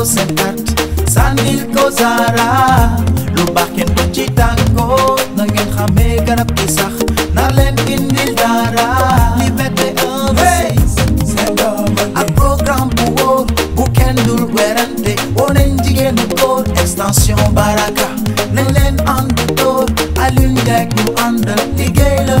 ko seetaat sànnil ko zaara lu baax kenn du ci tàggoo na ngeen xamee garab gi sax nar leen indil dara Liberté 1 ak programme bu wóor bu kenn dul werante woo nañ jigéen bu góor extension baraka nañ leen ànd tóor Alioune Ndeye mu àndal la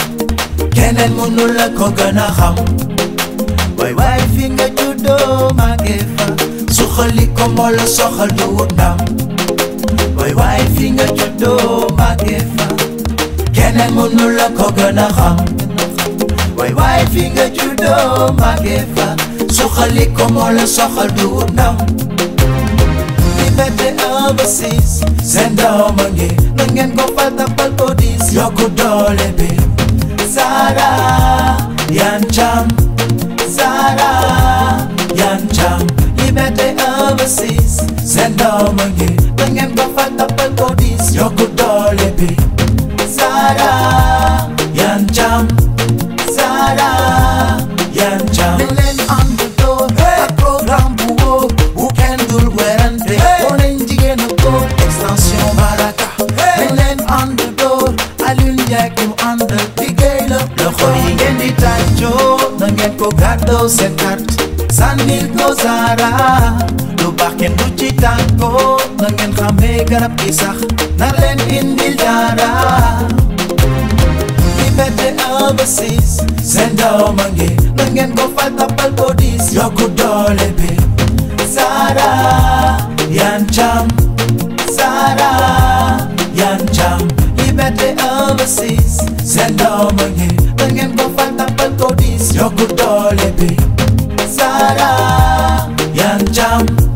keneen mënu la ko gën a xam waay waay fi nga juddoo màggee fa suxali ko moo la soxal du wut ndam waay waay fi nga juddoo màggee fa keneen mënu la ko gën a xam waay waay fi nga juddoo màggee fa suxali ko moo la soxal du wut ndam liberté un ba six seen doom a ngi na ngeen ko fal tapal ko diis yokku doole bi Sara Yancham Sara Yancham liberté overseas seen doom a ngi da ngeen ko fa tappal ko diis yokku doole bi Sara Yancham laaj ko gàddoo seen carte sànnil ko saara lu baax kenn du ci tàggoo na ngeen xamee garab gi sax na leen indil dara Liberté 1 ba 6 seen a ngi na ngeen ko fal tapal ko diis yokku doole bi saara yan cam saara yan cam Liberté 1 ba 6 seen ngi da ngeen ko fal tàmpal ko diis yokku doole bi Zahra Iyane Thiam